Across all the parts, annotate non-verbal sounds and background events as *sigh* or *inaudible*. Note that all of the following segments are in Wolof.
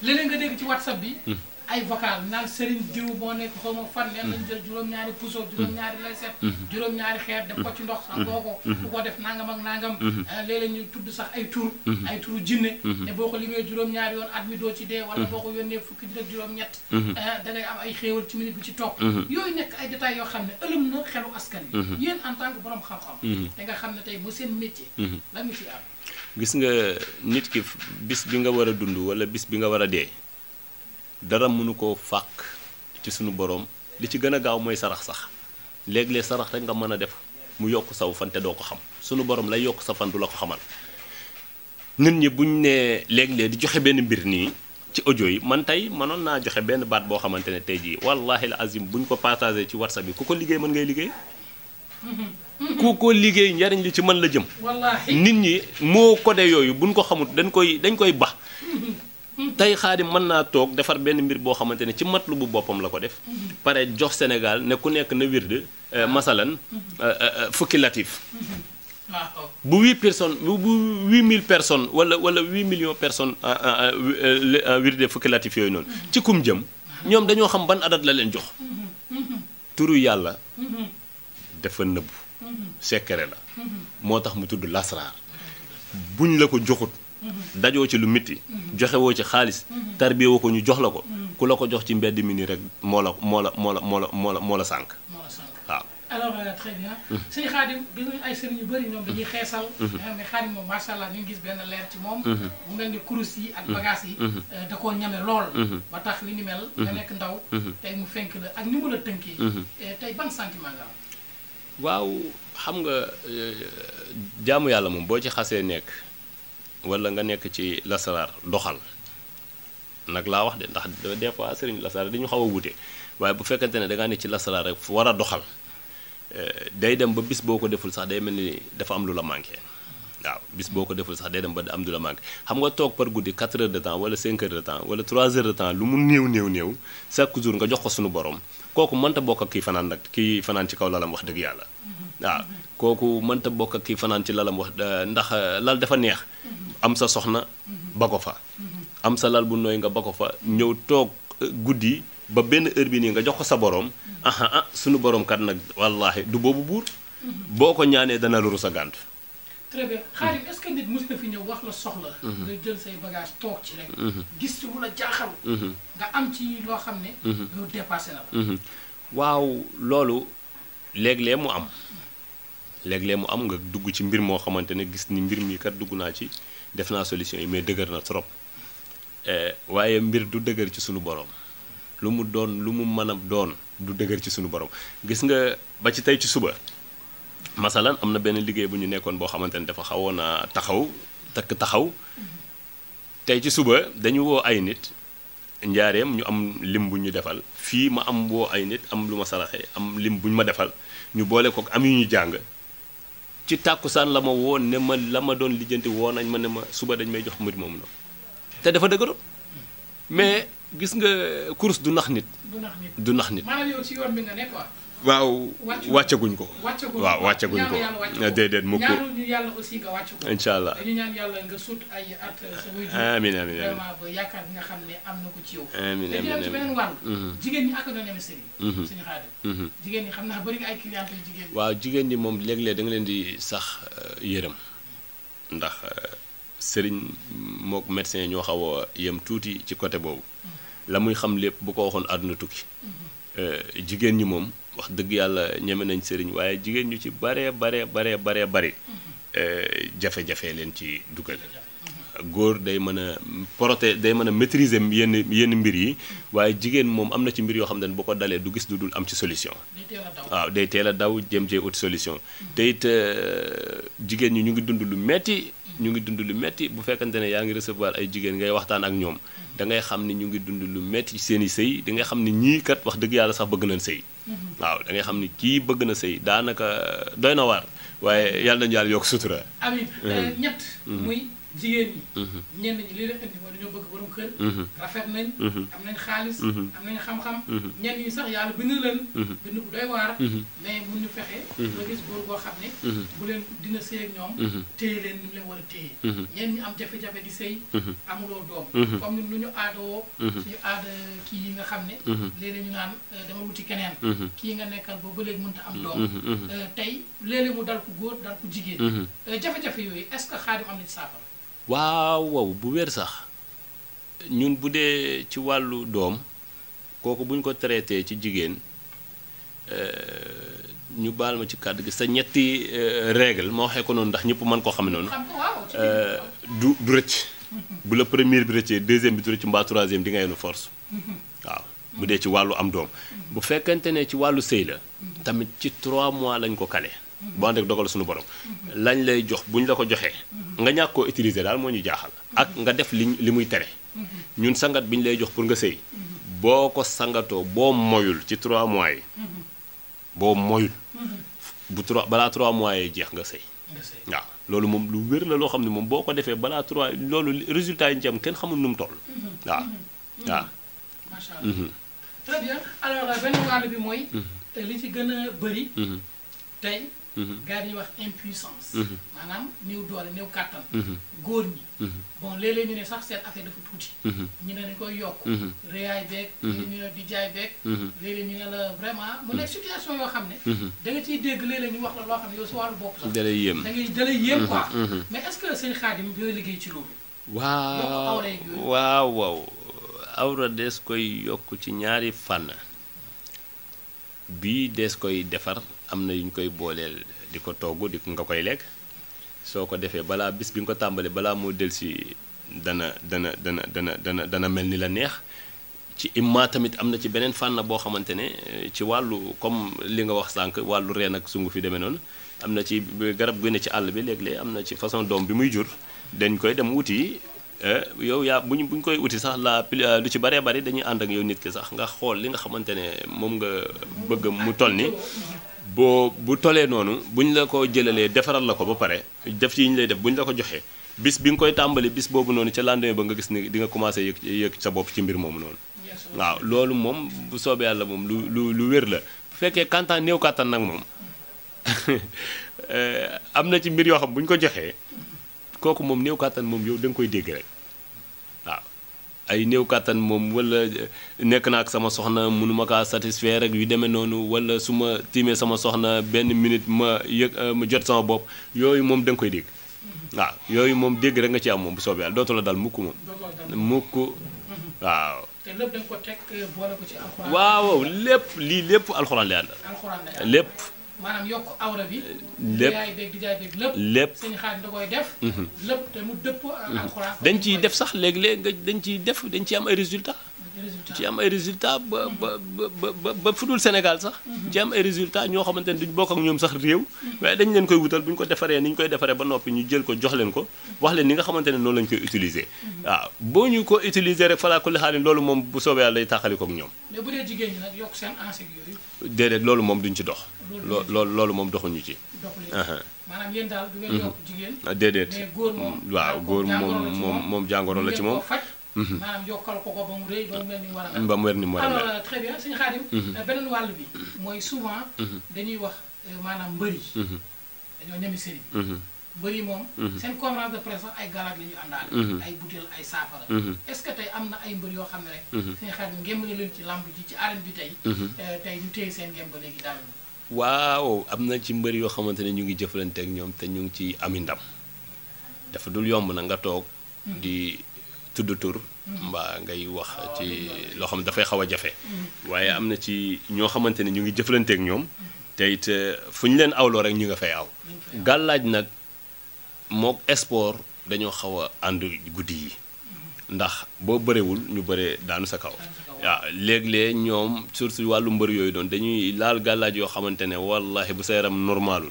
leneen nga dégg ci whatsapp bi. Hmm. ay vocal naan Serigne diw boo nekk xaw ma fan leen lañ jël juróom-ñaari puso juróom-ñaari lay set mm-hmm. juróom-ñaari xeer def ko mm-hmm. ci ndox sax boo ko bu ko def nangam ak nangam mm-hmm. euh, léeg-léeg ñu tudd sax ay tur ay turu jinne te boo ko limee juróom-ñaari yoon doo ci dee wala boo ko yónnee fukki nit ak juróom euh, am ay xéewal ci bi ci topp yooyu nekk ay détails yoo xam ne ëlëm xelu askan bi yéen en tant que borom xam-xam te nga xam ne tey bu seen métier la nga ci am gis nga nit ki bis bi nga war a dund wala bis bi nga war a dee dara mënu koo fàq ci suñu boroom li ci gën a gaaw mooy sarax sax léeg-léeg sarax rek nga mën a def mu yokk saw fan te doo ko xam suñu boroom lay yokk sa fan du la ko xamal nit ñi buñ nee léeg-léeg di joxe benn mbir nii ci audio yi man tey mënoon naa joxe benn baat boo xamante ne tey jii wallahi la azim buñ ko partagé ci whatsapp bi ku ko liggéey mën ngay liggéey ku ko liggéey njariñ li ci man la jëm nit ñi moo codé yooyu buñ ko xamut dañ koy dañ koy ba tey xaadim mën naa toog defar benn mbir boo xamante ne ci matlu bu boppam la ko def pare jox Sénégal ne ku nekk na wird euh, masalan euh, euh, fukki latif bu huit personnes bu huit mille personnes wala wala huit millions personnes wirde fukki latif yooyu noonu ci kum jëm ñoom dañoo xam ban adat la leen jox turu yàlla dafa nëbbu secret la moo tax mu tudd lasraar buñ la ko joxut dajoo ci lu métti mm-hmm. joxewoo ci xaalis mm-hmm. tarbiye woo ko ñu jox la ko mm-hmm. ku la ko jox ci mbedd mi nii rek moo la moo la moo la moo la moo la moo la sànq waaw alors euh, très bien gis nañu ay sëriñ yu bëri ñoom dañuy nekk ndaw mu fenk la ak ni mu euh, nga am waaw xam nga euh, jaamu yàlla moom boo ci xasee nekk wala nga nekk ci lasaraar doxal nag laa wax de ndax des fois sëriñ lasaraar dañu xaw a wute waaye bu fekkente ne da ngaa ne ci lasaraar rek war a doxal eh, day dem ba bis boo ko deful sax day mel ni dafa am lu la manqué waaw bis boo ko deful sax day dem ba am lu la manqué xam nga toog par guddi 4 heures de temps wala 5 heures de temps wala 3 heures de temps lu mu néew néew néew chaque jour nga jox ko suñu borom kooku mënta bokk ak kii fanaan nag kii fanaan ci kaw lalam wax dëgg yàlla mm-hmm. waaw kooku mënta bokk kii fanaan ci lalam wax eh, ndax eh, lal dafa neex am sa soxna mhm. ba ko fa mhm. am sa lal bu nooy nga ba ko fa ñëw toog eh, guddi ba benn heure bi nii nga jox ko sa boroom mhm. ah, sunu boroom kat nag wallaahi du boobu buur boo ko ñaanee dana luru sa gànt très bien Khadim gis lu la jaaxal nga am ci loo xam ne yow dépassé na la waaw loolu léeg-léeg mu am léeg mu am nga dugg ci mbir moo xamante ne gis ni mbir mii kat dugg naa ci def naa solution yi mais dëgër na trop eh, waaye mbir du dëgër ci sunu borom lu mu doon lu mu mën a doon du dëgër ci sunu borom gis nga ba ci tey ci suba masalan am na benn liggéey bu ñu nekkoon boo xamante ne dafa xawoon a taxaw takk taxaw tey ci suba dañu woo ay nit njaareem ñu am lim bu ñu defal fii ma am woo ay nit am lu ma saraxee am lim bu ñu ma defal ñu boole kook am yu ñu jàng ci tàkkusaan la ma woon ne ma la ma doon lijjanti woon nañ ma ne ma suba dañ may jox mbir moomu noonu te dafa dëgëroon mais gis nga course du nax nit. du nax nit du nax nit. maanaam yow ci bi nga ne waaw wàccaguñ ko waaw wàccaguñ ko déedéet mukk ñu ko incha allah dañu ñaan yàlla nga sut ay at sa wujju jigéen ñi xam naa bëri nga ay client yu jigéen ñi moom léeg-léeg da nga leen di sax euh, yërëm ndax euh, sëriñ mook médecin ñoo xaw a yem tuuti ci côté boobu mhm. la muy xam lépp bu ko waxoon àdduna tukki mhm. euh, jigéen ñi moom wax dëgg yàlla ñeme nañ sëriñ waaye jigéen ñu ci baree baree baree baree eh, bari jafe-jafe leen ci dugal góor day mën a proté day mën a maîtriser yenn yenn mbir yi waaye jigéen moom am na ci mbir yoo xam ne boo ko dalee du gis du dul am ci solution waaw day teel a daw jëm cee ut solution te it eh, jigéen ñi ñu ngi dund lu metti ñu ngi dund lu metti bu fekkante ne yaa ngi recevoir ay jigéen ngay waxtaan ak ñoom da ngay xam ni ñu ngi dund lu metti seen i sëy di nga xam ni ñii kat wax dëgg yàlla sax bëgg nañ sëy Mhm. waaw dangay xam ni kii bëgg na sëy daanaka doy na waar waaye yàlla nañu yàlla yokk sutura. jigéen ñi. Mhm. ñenn ñi li leen indi mooy dañoo bëgg borom kër. Mhm. rafet nañ. Mhm. am nañ xaalis. am nañ xam-xam. ñenn ñi sax yàlla bind leen. bind bu doy waar. mais mun ñu fexe. nga gis góor goo xam ne. bu leen dina sëy ak ñoom. téye leen ni mu leen war a téye. ñenn ñi am jafe doom. comme ni ñu aadoo. suñu aada yi nga xam ne. léeg-léeg ñu naan euh, dama wuti keneen. kii nga nekkal ba ba léegi mënta am doom. Euh, tey léeg mu dal ku góor dal ku jigéen. Euh, jafe-jafe yooyu est-ce que xaadim am na ci waaw waaw bu wér sax ñun bu dee ci wàllu doom kooku bu ñu ko traité ci jigéen euh, ñu baal ma ci kàdd gi sa ñetti euh, règle ma waxee ko noonu ndax ñëpp mën koo xam noonu euh, du du rëcc bu la première bi rëccee deuxième bi du rëcc mbaa troisième di nga yenu force waaw bu dee ci wàllu am doom mm-hmm. bu fekkente ne ci wàllu sëy la mm-hmm. tamit ci trois mois lañ ko kale bu ànd ak dogal suñu borom lañ lay jox bu ñu la ko joxee nga ñàkk koo utiliser daal moo ñu jaaxal ak nga def li li muy tere ñun sangat bi ñu lay jox pour nga sëy boo ko sangatoo boo moyul ci 3 mois yi boo moyul bu 3 balaa 3 mois jeex nga sëy waaw loolu moom lu wér la loo xam ne moom boo ko defee balaa 3 loolu résultat yi ñu kenn xamul nu mu toll mm-hmm. waaw mm-hmm. waaw macha allah mm-hmm. euh, gën a bëri Mm-hmm. gars yi ñuy wax impuissance. Mm-hmm. maanaam néew doole néew kàttan. Mm-hmm. góor ñi. bon léeg ñu ne sax seen affaire dafa tuuti. ñu ne dañ koy yokk. réyaay beeg. ñu ne di jaay beeg. léeg ñu ne la vraiment mu nekk situation yoo xam ne. da nga ciy dégg léeg ñu wax la loo xam ne yow si wàllu bopp sax. da lay yéem da ngay da lay yéem quoi. mais est-ce que sëñ Xaadim bi nga liggéey ci loolu. waaw waaw waaw awra des koy yokk ci ñaari fànn bii des koy defar. am na yu ñu koy booleel di ko togg di nga koy lekk soo ko defee balaa bis bi nga ko tàmbali balaa moo del si dana dana dana dana dana dana mel ni la neex ci imma tamit am na ci beneen fànn boo xamante ne ci wàllu comme li nga wax sànq wàllu reen ak sungu fi demee noonu am na ci garab gu ci àll bi léeg am na ci façon doom bi muy jur dañ koy dem wuti eh, yow yaa bu ñu buñ koy wuti sax la lu ci baree bari dañuy ànd ak yow nit ki sax nga xool li nga xamante ne moom nga bëgg mu toll ni boo bu tolee noonu bu ñu la ko jëlalee defaral la ko ba pare def yi ñu lay def bu ñu la ko joxee bis bi nga koy tàmbali bis boobu noonu ca lendemain ba nga gis ni di nga commencé yëg yëg sa bopp ci mbir moomu noonu. waaw loolu moom bu soobee yàlla moom lu lu lu wér la bu fekkee kantaan new kàttan nag moom *laughs* eh, am na ci mbir yoo xam bu ñu ko joxee kooku moom néew kàttan moom yow da nga koy dégg rek. ay néew kàttan moom wala eh, nekk naa ak sama soxna mënuma kaa satisfaire ak yu demee noonu wala su ma tiimee sama soxna benn minute ma yëg eh, jot sama bopp yooyu moom danga koy dégg waaw yooyu moom dégg rek nga ci am moom bu soobee yàlla dootu la dal mukk moom mukk waaw lépp da nga ko teg eh, ko ci alxuraan waaw lépp lii lépp alxuraan la lépp maanaam yokk awra bi. lépp yaay dégg jaay dégg lépp. lépp sëñ Xaadim da koy def. Mhm. lépp mu dëppoo mhm. dañ ciy def sax léeg-léeg dañ ciy def dañ ciy am ay résultats. ci am ay résultats mhm. ba ba ba ba fu dul Sénégal sax. ci am ay résultats ñoo xamante ne duñ bokk ak ñoom sax réew. waaye dañ leen koy wutal bu ñu ko defaree ni ñu koy defaree ba noppi ñu jël ko jox leen ko. wax leen ni nga xamante ne noonu lañ koy utiliser. waaw boo ñu ko utiliser rek falaa kulli xaalin loolu moom bu soobee yàlla day taxali ko ak ñoom. mais bu dee yokk seen enseigne yooyu. déedéet loolu moom duñ ci dox. loo loolu loolu moom doxuñu ci. maanaam yéen daal du ngeen mhm. yokk jigéen. Ah, déedéet mais góor moom mm, waaw góor moom moom moom jàngoro la ci moom. Mhm. maanaam yokkal ko ko ba mu rëy ba mu mel ni a mel. ba mu mel ni mu war a mel euh, mhm. euh, wàll bi. mooy souvent. dañuy wax euh, maanaam mbër yi. dañoo ñemi sëriñ. mbër yi moom. seen conférence de presse ay galaat la ñuy àndaale. ay butéel ay saafara. est-ce que tey am na ay mbër yoo xam ne rek. sëñ Xaadim ngémb na leen ci làmb ji ci arène bi tey. tey ñu téye seen ngémb ba léegi daal. waaw am na ci mbër yoo xamante ne ñu ngi jëflante ak ñoom te ñu ngi ci ami ndam dafa dul yomb na nga toog di tudd tur mbaa ngay wax ci loo xam dafay xaw a jafe waaye am na ci ñoo xamante ne ñu ngi jëflante ak ñoom te it eh, fu ñu leen awloo rek ñu nga fay aw gàllaaj nag mook sport dañoo xaw a ànd guddi yi ndax boo bërewul ñu bëre daanu sa kaw waaw ah, léeg-léeg ñoom surtout wàllu mbër yooyu doon dañuy laal gàllaaj yoo xamante ne wallahi bu sa yaram normalul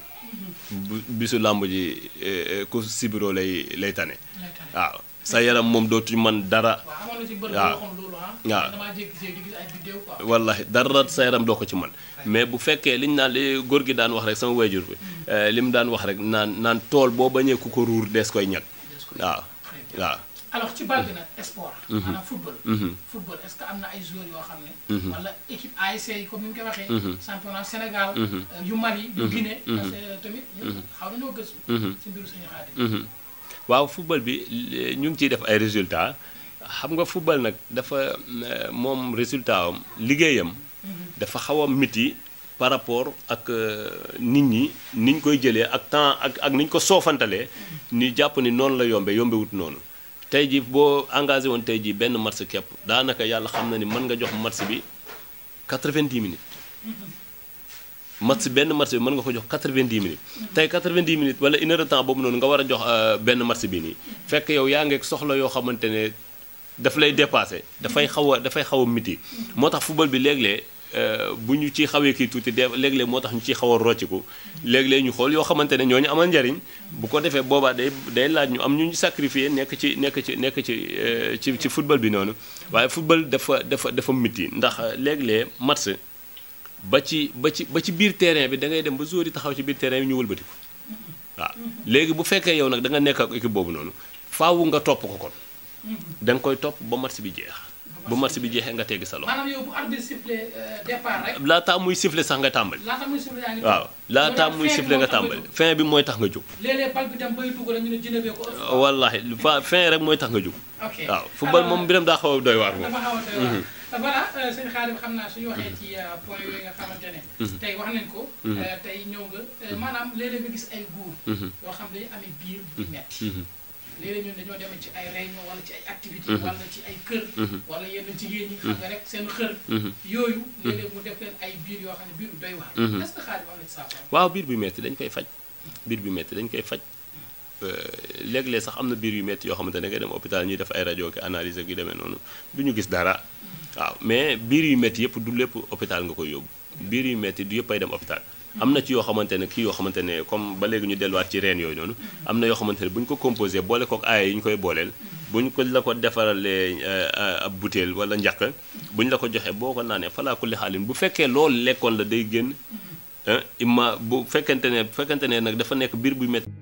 bu bisu làmb ji eh, eh, ku sibiro lay lay tane waaw ah, sa yaram moom dootu man dara waaw waaw ah, wallahi dara sa yaram doo ko ci man mais bu fekkee liñ naan li góor gi daan wax rek sama wayjur bi mm. eh, li mu daan wax rek naan naan tool boo bañee ku ko ruur dees koy ñag waaw waaw alors ci bal bi nag sport. Mhm. maanaam mhm. ce que am na ay joueurs yoo xam ne. Mhm. wala équipe ASC yi comme euh, yu Mali yu Guinée. parce que waaw football bi ñu ngi ciy def ay résultats xam nga football nag dafa euh, moom résultat liggéeyam dafa xaw a miti par rapport ak euh, nit ñi niñ koy jëlee ak temps ak ak niñ ko soofantalee ni jàpp ni noonu la yombe yombewut noonu tey jii boo engagé woon tey jii benn match képp daanaka yàlla xam na ni man nga jox match bi 90 minutes match benn match bi mën nga ko jox 90 minutes tey 90 minutes wala une heure de temps boobu noonu nga war a jox euh, benn match bi nii fekk yow yaa ngeeg soxla yoo xamante ne daf lay dépassé dafay xaw dafay xaw a miti moo tax football bi léeg-léeg Euh, bu ñu ci xawee kii tuuti de léeg-léeg moo tax ñu ciy xaw a ko léeg-léeg ñu xool yoo xamante ne ñoo ñu amal njariñ bu ko defee boobaa day day laaj ñu am ñu sacrifié nekk ci nekk ci nekk ci euh, ci ci football bi noonu waaye football dafa dafa dafa miti ndax léeg-léeg match ba ci ba ci ba ci biir terrain bi da ngay dem ba joueur yi taxaw ci biir terrain bi ñu walbati ko waaw léegi bu fekkee yow nag danga nekk ak équipe boobu noonu faawu nga topp ko kon danga koy topp ba match bi jeex. bu match bi jeexee nga teggi sa loxo. maanaam yow bu euh, laataa muy sifflé sax nga tàmbali. laataa waaw laataa muy sifflé nga tàmbali. fin bi mooy tax nga jóg. léeg-léeg bal bi dem rek mooy tax nga jóg. ok waaw football moom mbiram daa xaw a doy waar moom. Mhm. voilà euh, sëñ Xaadim euh, ne. Mhm. tey wax nañ ko. Mhm. tey ñëw nga maanaam léeg-léeg nga gis ay góor. yoo xam ne amee biir bu metti léeg-léeg mhm. mhm. mhm. waaw biir bu metti dañ koy faj biir bu metti dañ koy faj euh, léeg sax am na biir yu metti yoo xamante ne ngay dem hôpital ñuy def ay rajo ki analyse gi demee noonu du ñu gis dara waaw mais biir yu metti yëpp du lépp hôpital nga koy yóbbu biir yu metti du yëpp ay dem hôpital am na ci yoo xamante ne kii yoo xamante ne comme ba léegi ñu delluwaat ci reen yooyu noonu am na yoo xamante ne bu ñu ko composé boole kook aaya yi ñu koy booleel bu ñu ko la ko defaralee euh, euh, ab butéel wala njaq bu ñu la ko joxee boo ko naanee falaa kulli xaalin bu fekkee loolu lekkoon la day génn imma bu fekkente ne bu fekkente ne nag dafa nekk biir bu métti